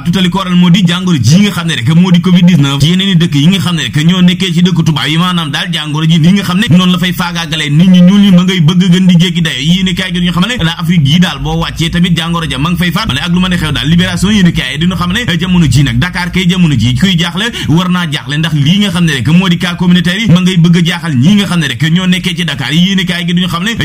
ab tutali ko moo di jàngoro ci yi nga xam ne rek ñoo nekkee ci dëkk yi maanaam kaay gi ñu xam ne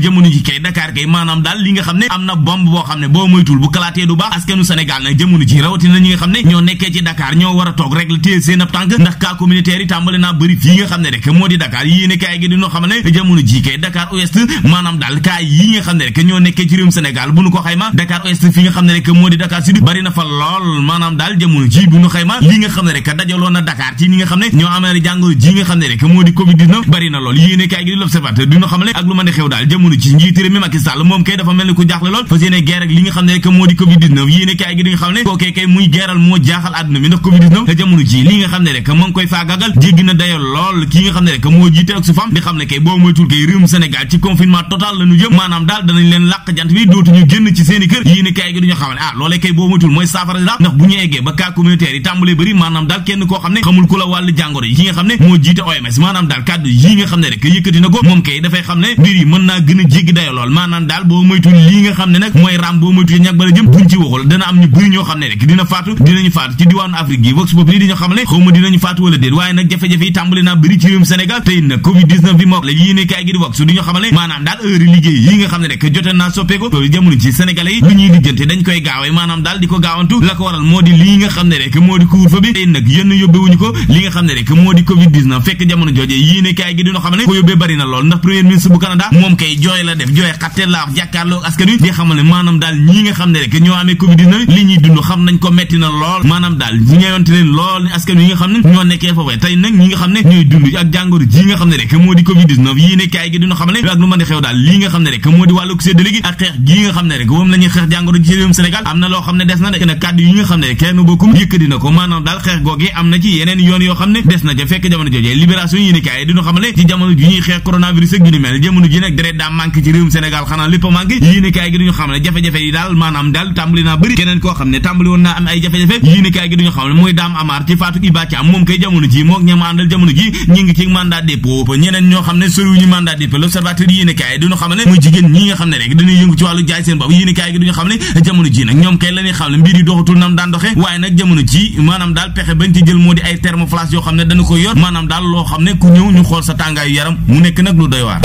jamono a ci kay Dakar kay maanaam daal li nga xam ne am na bomb boo xam ne boo moytul bu kalaatee du baax askanu Sénégal nag jamono ji rawatina ñi nga xam ne ñoo nekkee ci Dakar ñoo war a toog rek la téye seen ndax cas communautaire yi tàmbale yi nga a moom kay dafa mel ni ku jaaxle lool fas yéene guerre ak li nga xam ne rek moo di Covid 19 yéene gi di nga xam ne kookee kay muy geeral moo jaaxal àdduna bi ndax covid 19 te jamono ji li nga xam ne rek ma ngi koy faagagal jéggi na dayo lool ki nga xam ne moo jiite ak ne kay ah moo jiite OMS maanaam daal kàddu yi nga xam ne rek yëkkati na ko moom kay dafay xam ne mbir yi mën naa gën a jéggi dayo lool maanaam daal boo moytul li nga xam ne nag mooy raam boo moytul ñag bala jëm buñ ci waxul dana am ñu bëri ñoo xam ne rek dina faat faatu dinañu faatu ci diwaanu Afrique gi vox populi di ñu xam ne xawma faatu wala déet waaye nag jafe-jafe yi tàmbali naa bëri ci réewum Sénégal tey nag covid bi moo la la ko nga xam ne rek moo di couvre bi tey nag yenn yóbbewuñu nga xam ne rek moo di covid 19 fekk jamono joojee yéene kaay gi di xam ne ko yóbbee bari na ndax premier ministre bu Canada moom kay jooy la def jooy xattee la wax jàkkaarloo askan wi di xamal ne maanaam daal ñi nga xam ne métti maanaam daal ñi ñeewante leen lool askan wi nga xam ne ñoo nekkee foofee tey nga xam ne ñooy dund moo di covid xew daal ko maanaam daal xeex googi am na ci yeneen yoon yoo xam ne des na fekk jamono jooje libération yii ne kaay duñu xam ne a jafe-jafe yi daal maanaam daal tàmbali naa bëri keneen koo xam ne tàmbali woon naa am ay jafe-jafe yéenekaay gi duñu xam ne muy Dame Amar ci Fatou Iba Thiam moom kay jamono ji mook ñama àndal jamono ji ngi ci mandat ne soriwu ñu mandat jamono ji nag ñoom kay la xam ne mbir yi doxatul nam daan doxe waaye nag jamono ji maanaam daal pexe bañ ci jël moo di ay thermoflash yoo xam ne dañu ko yor maanaam daal loo xam ne ku ñëw ñu xool sa tàngaayu yaram mu nekk nag lu doy waar